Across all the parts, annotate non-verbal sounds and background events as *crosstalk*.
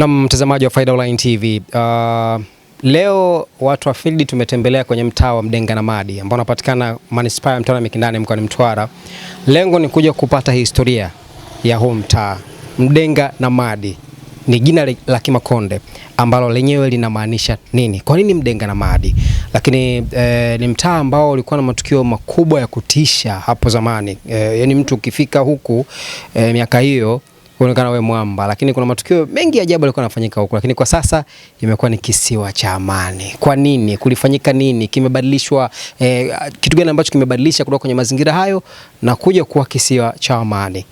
Na mtazamaji wa Faida Online TV uh, ah, leo watu wa field tumetembelea kwenye mtaa wa Mdenga na Madi ambao unapatikana manispaa ya Mtwara Mikindani mkoani Mtwara. Lengo ni kuja kupata historia ya huu mtaa. Mdenga na Madi ni jina la Kimakonde ambalo lenyewe linamaanisha nini? Kwa nini Mdenga na Madi? Lakini eh, ni mtaa ambao ulikuwa na matukio makubwa ya kutisha hapo zamani. Eh, yaani mtu ukifika huku eh, miaka hiyo unaonekana wewe mwamba, lakini kuna matukio mengi ya ajabu yalikuwa yanafanyika huko, lakini kwa sasa imekuwa ni kisiwa cha amani. Kwa nini? Kulifanyika nini? Kimebadilishwa eh, kitu gani ambacho kimebadilisha kutoka kwenye mazingira hayo na kuja kuwa kisiwa cha amani?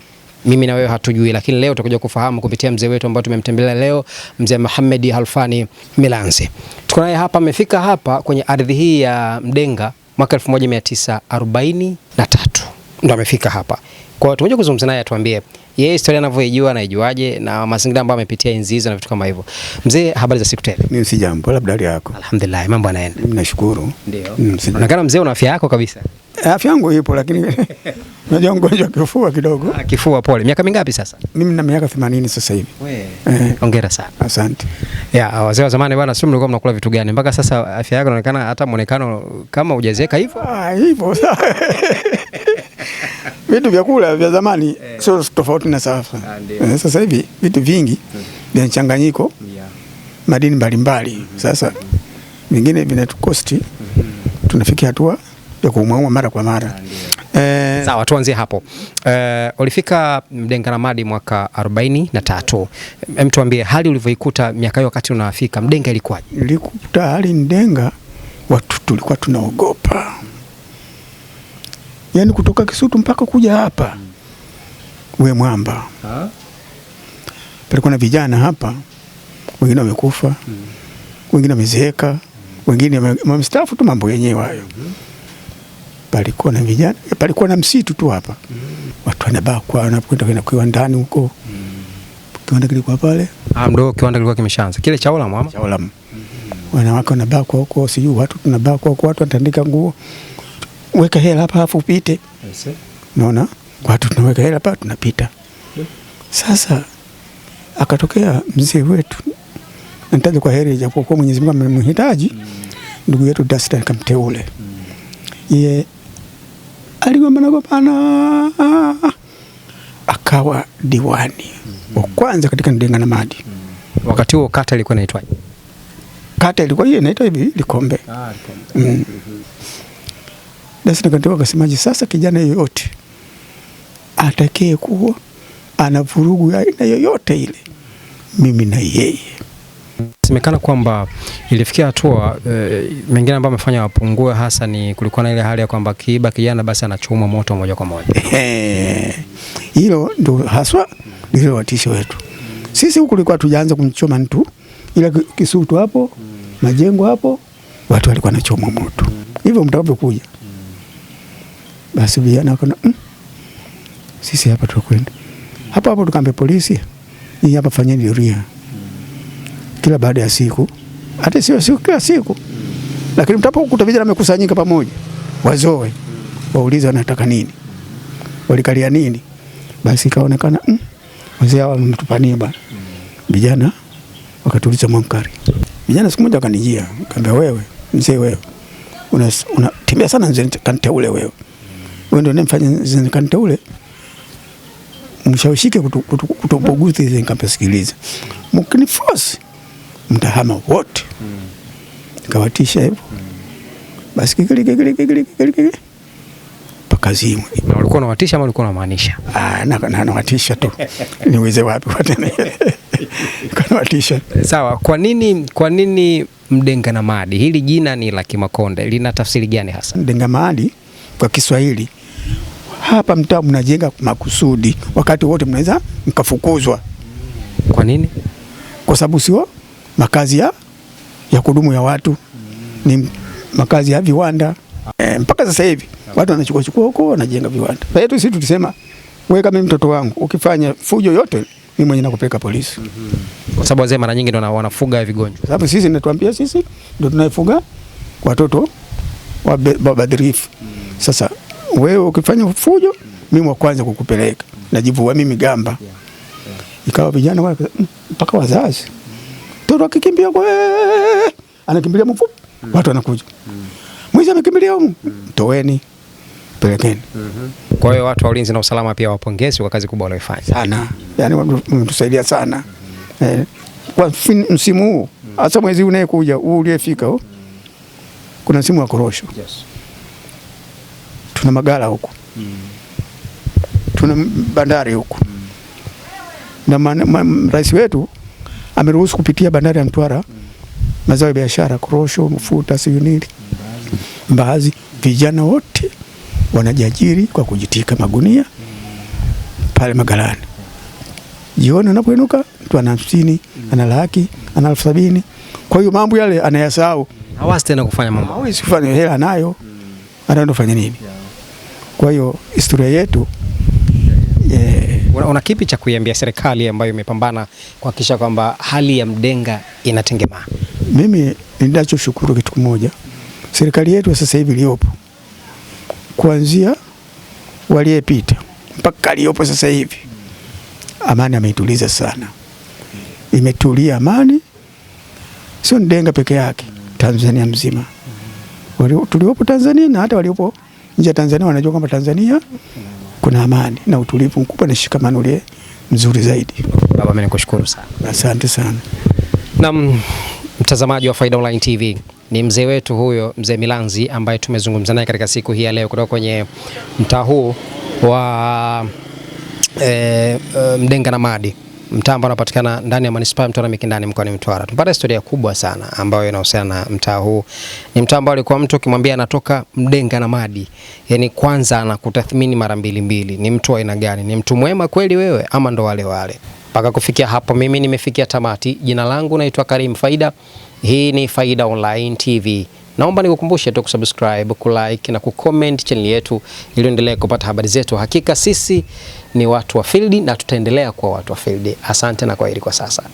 Mimi na wewe hatujui, lakini leo tutakuja kufahamu kupitia mzee wetu ambao tumemtembelea leo, mzee Mohamed Halfani Milanzi. Tuko naye hapa, amefika hapa kwenye ardhi hii ya Mdenga mwaka 1943 ndo amefika hapa. Kwa hiyo tumekuja kuzungumza naye atuambie yeye historia anavyoijua anaijuaje na mazingira ambayo amepitia enzi hizo na vitu kama hivyo. Mzee, habari za siku tele? Mimi si jambo, labda hali yako? Alhamdulillah, mambo yanaenda. Mimi nashukuru. Ndio. Mm, Unaonekana mzee una afya yako kabisa. Afya yangu ipo lakini *laughs* najua mgonjwa kifua kidogo. Ah, kifua pole. Miaka mingapi sasa? Mimi na miaka 80 sasa hivi. Wewe. Eh. Hongera sana. Asante. Ya, ah, wazee wa zamani bwana, sio mlikuwa mnakula vitu gani mpaka sasa afya yako inaonekana hata muonekano kama hujazeeka hivyo? Ah, hivyo. *laughs* vitu vyakula vya zamani eh, sio tofauti na sasa. Ah, eh, sasa hivi vitu vingi mm vya mchanganyiko yeah. madini mbalimbali mm -hmm. Sasa vingine vinatukosti mm -hmm. tunafikia hatua ya kuumauma mara kwa mara ah, eh. Sawa, tuanzie hapo eh, ulifika Mdenganamadi mwaka arobaini na tatu. Em, tuambie hali ulivyoikuta miaka hiyo wakati unafika Mdenga ilikuwaje? Nilikuta hali Mdenga watu tulikuwa tunaogopa yaani kutoka Kisutu mpaka kuja hapa hmm. we mwamba ha? palikuwa na vijana hapa, wengine wamekufa hmm. wengine wamezeeka hmm. wengine wamestaafu tu mambo yenyewe hayo hmm. palikuwa na vijana, palikuwa na msitu tu hapa hmm. watu wanabakwa wanakwenda kwenda kuiwa ndani huko hmm. kiwanda kilikuwa pale ah, ndio kiwanda kilikuwa kimeshaanza kile cha mwama ama cha hmm. wanawake wanabakwa huko, sijui watu tunabakwa huko, watu wanatandika nguo weka hela hapa afu upite. Naona watu tunaweka hela hapa tunapita. Sasa akatokea mzee wetu nitaje kwa heri, japokuwa Mwenyezi Mungu amemhitaji ndugu yetu Dasta akamteule yeye, mm. aligombana gombana akawa diwani wa mm-hmm. kwanza katika Ndenga na Madi. Mm. Wakati huo kata ilikuwa inaitwaje? Kata ilikuwa hiyo inaitwa hivi Likombe. Ah, Likombe. Mm. Mm-hmm. Basi nikatoka kasemaje, sasa kijana yoyote atakaye kuwa ana vurugu ya aina yoyote ile, mimi na yeye. Semekana kwamba ilifikia hatua e, mengine ambayo amefanya wapungue hasa ni kulikuwa na ile hali ya kwamba kiiba kijana basi anachomwa moto moja kwa moja. Hilo ndo haswa ndilo watisho wetu sisi. Huku kulikuwa tujaanza kumchoma mtu, ila Kisutu hapo majengo hapo watu walikuwa nachomwa moto hivyo mtakapokuja basi vijana wakaona mm, sisi hapa tukwenda hapo hapo, tukaambia polisi hii hapa, fanyeni doria kila baada ya siku, hata sio siku kila siku, lakini mtapokuta vijana wamekusanyika pamoja, wazoe waulize, wanataka nini, walikalia nini. Basi ikaonekana mm, wazee hawa wametupania bana. Vijana wakatuliza mwankari. vijana siku moja wakanijia, kaambia, wewe mzee, wewe unatembea una, sana mzee, kanteule wewe wewe ndio unamfanya zinzikani ule mshawishike kutobuguzi hizi mkini force mtahama wote kawatisha hivyo basi kikili kikili kikili kikili kikili mpaka zimwe. Na walikuwa unawatisha ama walikuwa unamaanisha? Ah, na na nawatisha tu. Niweze wapi *laughs* kwa tena? kwa Kanawatisha. Sawa, kwa nini kwa nini Mdenga na Maadi? Hili jina ni la Kimakonde. Lina tafsiri gani hasa? Mdenga Maadi kwa Kiswahili hapa mtaa mnajenga makusudi, wakati wote mnaweza mkafukuzwa. Kwa nini? Kwa sababu sio makazi ya, ya kudumu ya watu, ni makazi ya viwanda. E, mpaka sasa hivi watu wanachukua chukua huko wanajenga viwanda. Kwa hiyo sisi tulisema wewe kama mtoto wangu ukifanya fujo yote mimi mwenyewe nakupeleka polisi. Kwa sababu wazee mara nyingi ndio wanafuga vigonjwa. Sababu sisi natuambia sisi ndio tunaifuga watoto wabadhirifu. Sasa wewe ukifanya fujo, mimi wa kwanza kukupeleka, najivua mimi gamba. Ikawa vijana wale mm, mpaka wazazi, mtoto akikimbia kwa anakimbilia mfu, watu wanakuja, mwizi amekimbilia huko, toweni pelekeni. Kwa hiyo watu wa ulinzi na usalama pia wapongezi kwa kazi kubwa wanaoifanya sana, yani wametusaidia sana eh, kwa msimu huu hasa mwezi unayekuja huu uliyefika, oh, kuna msimu wa korosho yes tuna magala huku mm. tuna bandari huku mm. na man, man, rais wetu ameruhusu kupitia bandari ya Mtwara mm. mazao ya biashara, korosho, mafuta, siunili mbaazi, vijana wote wanajiajiri kwa kujitika magunia pale magalani. Jioni anapoinuka mtu ana hamsini, ana laki, ana elfu sabini. Kwa hiyo mambo yale anayasahau, hawasi tena kufanya mambo, hawezi kufanya, hela anayo, anaenda kufanya nini? Kwa hiyo historia yetu yeah. Una, una kipi cha kuiambia serikali ambayo imepambana kuhakikisha kwamba hali ya Mdenga inatengemaa? Mimi ninachoshukuru kitu kimoja, serikali yetu sasa hivi iliyopo, kuanzia waliyepita mpaka aliyopo sasa hivi, amani ameituliza sana, imetulia amani, sio Mdenga peke yake, Tanzania mzima, tuliopo Tanzania na hata waliopo nje ya Tanzania wanajua kwamba Tanzania kuna amani na utulivu mkubwa na shikamano ile mzuri zaidi. Baba, mimi nikushukuru sana, asante sana. Na mtazamaji wa Faida Online TV ni mzee wetu huyo, mzee Milanzi ambaye tumezungumza naye katika siku hii ya leo kutoka kwenye mtaa huu wa e, e, Mdenga na Madi mtaa ambao unapatikana ndani ya manispaa ya Mtwara Mikindani mkoani Mtwara. Tupata historia kubwa sana ambayo inahusiana na mtaa huu. Ni mtaa ambao alikuwa mtu ukimwambia anatoka Mdenga na Madi, yani kwanza anakutathmini mara mbili mbili, ni mtu aina gani? Ni mtu mwema kweli wewe ama ndo wale wale? Mpaka kufikia hapo mimi nimefikia tamati. Jina langu naitwa Karim Faida. Hii ni Faida Online TV. Naomba nikukumbushe tu kusubscribe, kulike na kucomment channel yetu ili uendelee kupata habari zetu. Hakika sisi ni watu wa field na tutaendelea kuwa watu wa field. Asante na kwaheri kwa sasa.